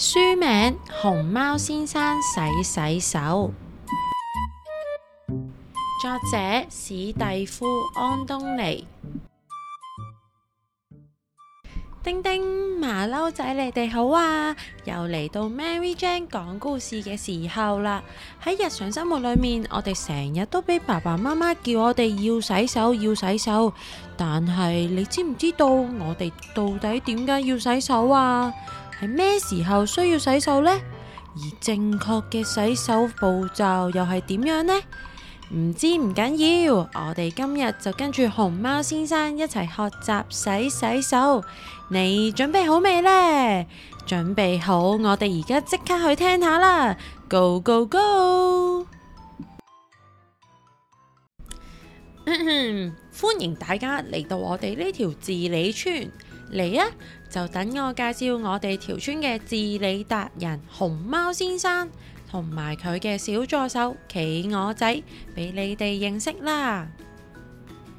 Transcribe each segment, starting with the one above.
書名《熊貓先生洗洗手》，作者史蒂夫·安東尼。丁丁、馬騮仔，你哋好啊！又嚟到 Mary Jane 講故事嘅時候啦。喺日常生活裏面，我哋成日都俾爸爸媽媽叫我哋要洗手，要洗手。但係你知唔知道我哋到底點解要洗手啊？係咩時候需要洗手呢？而正確嘅洗手步驟又係點樣呢？唔知唔緊要，我哋今日就跟住熊貓先生一齊學習洗洗手。你準備好未呢？準備好，我哋而家即刻去聽下啦！Go go go！ 歡迎大家嚟到我哋呢條治理村嚟啊！就等我介紹我哋條村嘅治理達人熊貓先生同埋佢嘅小助手企鵝仔俾你哋認識啦。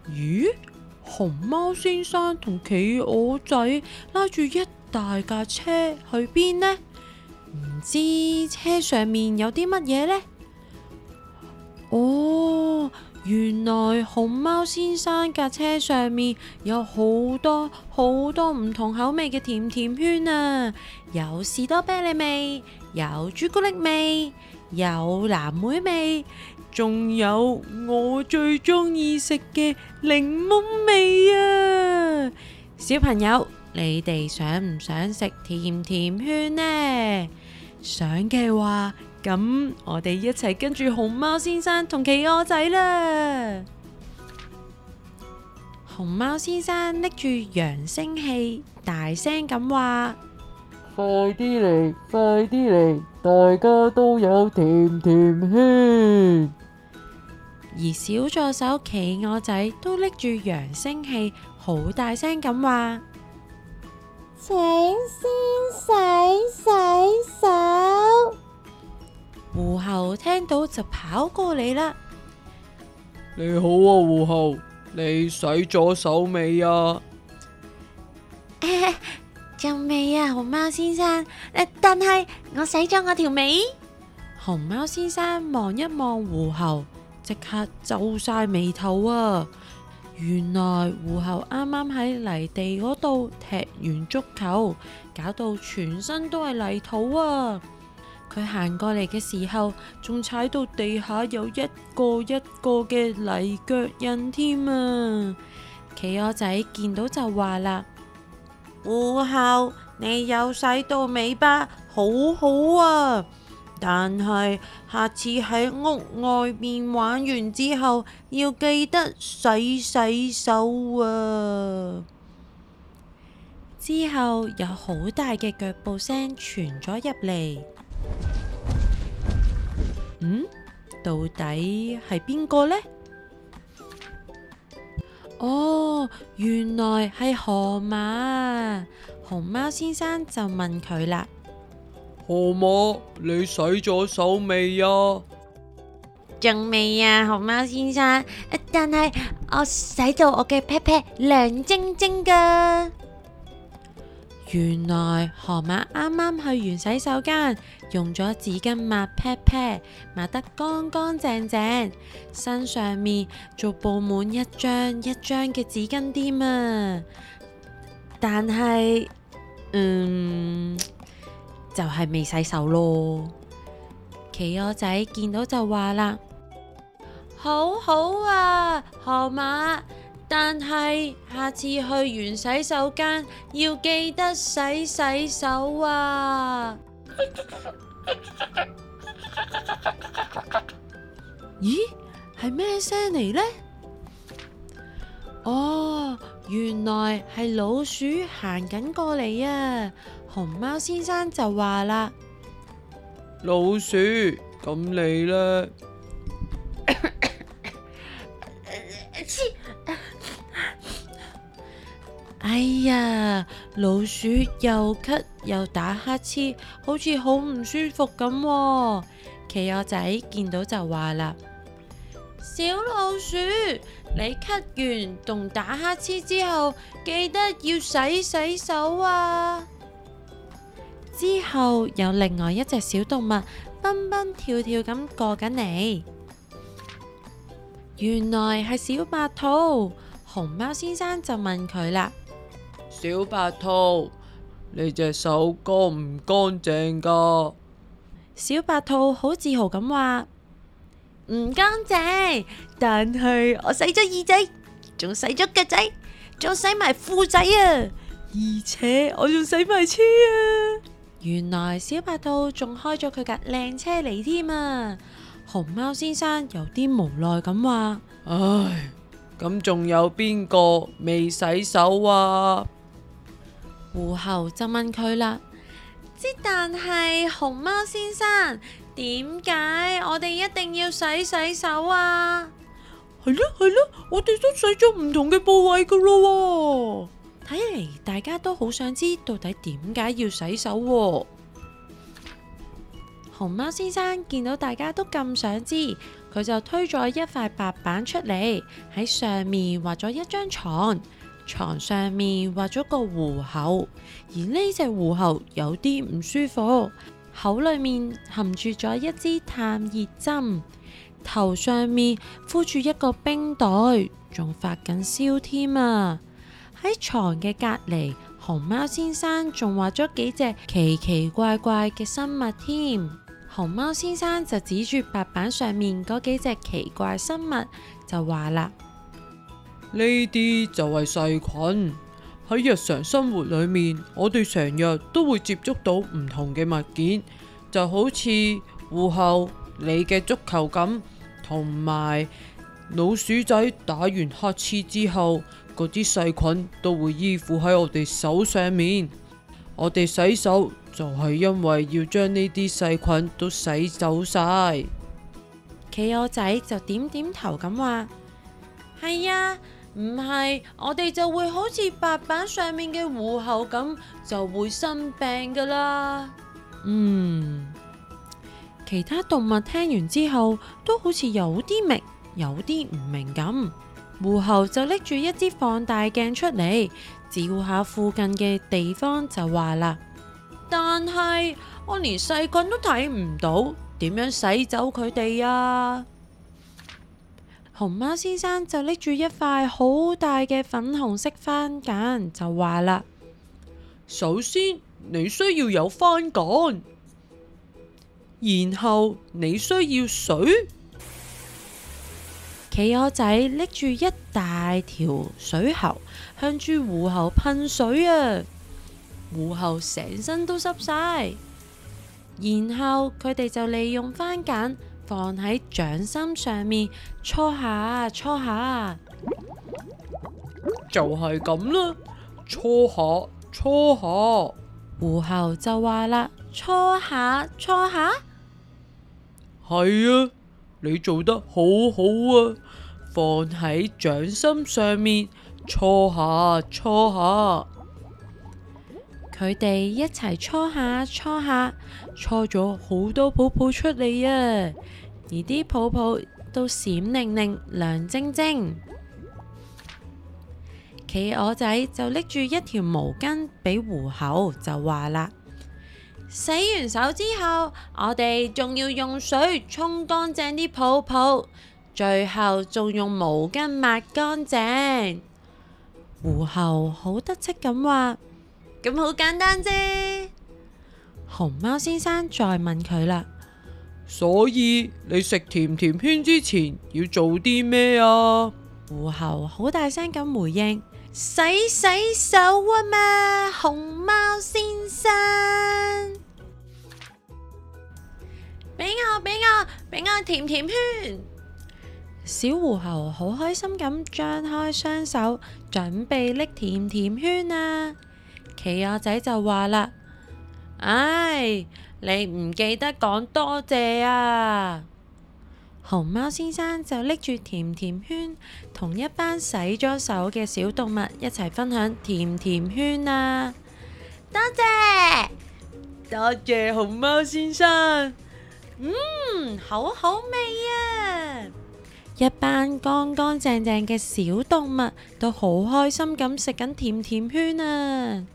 咦？熊貓先生同企鵝仔拉住一大架車去邊呢？唔知車上面有啲乜嘢呢？哦。原來熊貓先生架車上面有好多好多唔同口味嘅甜甜圈啊，有士多啤梨味，有朱古力味，有藍莓味，仲有我最中意食嘅檸檬味啊！小朋友，你哋想唔想食甜甜圈呢？想嘅話，咁我哋一齊跟住熊貓先生同企鵝仔啦！熊貓先生拎住揚聲器，大聲咁話：快啲嚟，快啲嚟，大家都有甜甜圈！而小助手企鵝仔都拎住揚聲器，好大聲咁話。請先洗洗手。狐猴聽到就跑過嚟啦。你好啊，狐猴，你洗咗手未啊？仲未啊，熊貓先生。誒，但係我洗咗我條尾。熊貓先生望一望狐猴，即刻皺晒眉頭啊！原來狐猴啱啱喺泥地嗰度踢完足球，搞到全身都係泥土啊！佢行過嚟嘅時候，仲踩到地下有一個一個嘅泥腳印添啊！企鵝仔見到就話啦：「狐猴，你有洗到尾巴，好好啊！」但係下次喺屋外面玩完之後，要記得洗洗手啊！之後有好大嘅腳步聲傳咗入嚟，嗯，到底係邊個呢？哦，原來係河馬啊！熊貓先生就問佢啦。河馬，你洗咗手未啊？仲未啊，熊貓先生。但係我洗到我嘅屁屁亮晶晶噶。原來河馬啱啱去完洗手間，用咗紙巾抹屁屁，抹得乾乾淨淨，身上面仲布滿一張一張嘅紙巾添啊。但係，嗯。就係未洗手咯。企鵝仔見到就話啦，好好啊，河馬，但係下次去完洗手間要記得洗洗手啊！ 咦，係咩聲嚟呢？哦。原來係老鼠行緊過嚟啊！熊貓先生就話啦：老鼠，咁你呢？ 哎呀，老鼠又咳又打乞嗤，好似好唔舒服咁。企鵝仔見到就話啦。小老鼠，你咳完同打乞嗤之後，記得要洗洗手啊！之後有另外一隻小動物蹦蹦跳跳咁過緊嚟，原來係小白兔。熊貓先生就問佢啦：小白兔，你隻手乾唔乾淨㗎？小白兔好自豪咁話。唔乾淨，但係我洗咗耳仔，仲洗咗腳仔，仲洗埋褲仔啊！而且我仲洗埋車啊！原來小白兔仲開咗佢架靚車嚟添啊！熊貓先生有啲無奈咁話：唉，咁仲有邊個未洗手啊？狐猴就問佢啦：即但係熊貓先生。點解我哋一定要洗洗手啊？係啦係啦，我哋都洗咗唔同嘅部位噶啦，睇嚟大家都好想知到底點解要洗手喎。熊貓先生見到大家都咁想知，佢就推咗一塊白板出嚟，喺上面畫咗一張床，床上面畫咗個狐猴，而呢隻狐猴有啲唔舒服。口裏面含住咗一支探熱針，頭上面敷住一個冰袋，仲發緊燒添啊！喺床嘅隔籬，熊貓先生仲畫咗幾隻奇奇怪怪嘅生物添。熊貓先生就指住白板上面嗰幾隻奇怪生物就話啦：呢啲就係細菌。喺日常生活裏面，我哋成日都會接觸到唔同嘅物件，就好似護校你嘅足球咁，同埋老鼠仔打完乞嗤之後，嗰啲細菌都會依附喺我哋手上面。我哋洗手就係因為要將呢啲細菌都洗走晒。企鵝仔就點點頭咁話：係啊。唔係，我哋就會好似白板上面嘅狐猴咁，就會生病噶啦。嗯，其他動物聽完之後都好似有啲明，有啲唔明咁。狐猴就拎住一支放大鏡出嚟，照下附近嘅地方就話啦。但係我連細菌都睇唔到，點樣洗走佢哋啊？熊貓先生就拎住一塊好大嘅粉紅色番梘，就話啦：首先你需要有番梘，然後你需要水。企鵝仔拎住一大條水喉，向住湖猴噴水啊！湖猴成身都濕晒，然後佢哋就利用番梘，放喺掌心上面搓下搓下，搓下就係咁啦，搓下搓下，狐猴就話啦，搓下搓下，係啊，你做得好好啊，放喺掌心上面搓下搓下，佢哋一齊搓下搓下，搓咗好多泡泡出嚟啊！而啲泡泡都閃靈靈、亮晶晶，企鵝仔就拎住一條毛巾俾狐猴就，就話啦：洗完手之後，我哋仲要用水沖乾淨啲泡泡，最後仲用毛巾抹乾淨。狐猴好得戚咁話：咁好簡單啫！熊貓先生再問佢啦。所以你食甜甜圈之前要做啲咩啊？狐猴好大聲咁回應：洗洗手啊嘛，熊貓先生！俾我俾我俾我甜甜圈！小狐猴好開心咁張開雙手，準備拎甜甜圈啊！企鵝仔就話啦：唉、哎。你唔記得講多謝啊！熊貓先生就拎住甜甜圈，同一班洗咗手嘅小動物一齊分享甜甜圈啊！多謝多謝熊貓先生，嗯，好好味啊！一班乾乾淨淨嘅小動物都好開心咁食緊甜甜圈啊！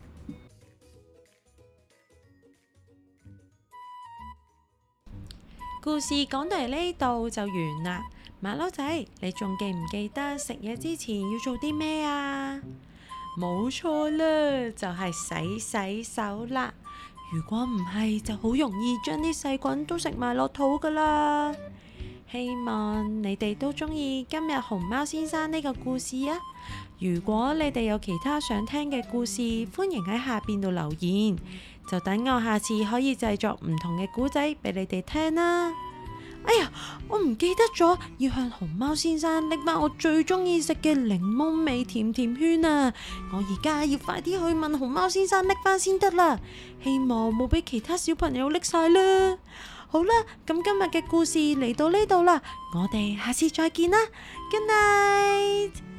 故事講到嚟呢度就完啦，馬騮仔，你仲記唔記得食嘢之前要做啲咩啊？冇錯啦，就係、是、洗洗手啦。如果唔係，就好容易將啲細菌都食埋落肚噶啦。希望你哋都中意今日熊貓先生呢個故事啊！如果你哋有其他想聽嘅故事，歡迎喺下邊度留言，就等我下次可以製作唔同嘅故仔俾你哋聽啦。哎呀，我唔記得咗要向熊貓先生拎翻我最中意食嘅檸檬味甜甜圈啊！我而家要快啲去問熊貓先生拎翻先得啦，希望冇俾其他小朋友拎晒啦。好啦，咁今日嘅故事嚟到呢度啦，我哋下次再見啦，Good night。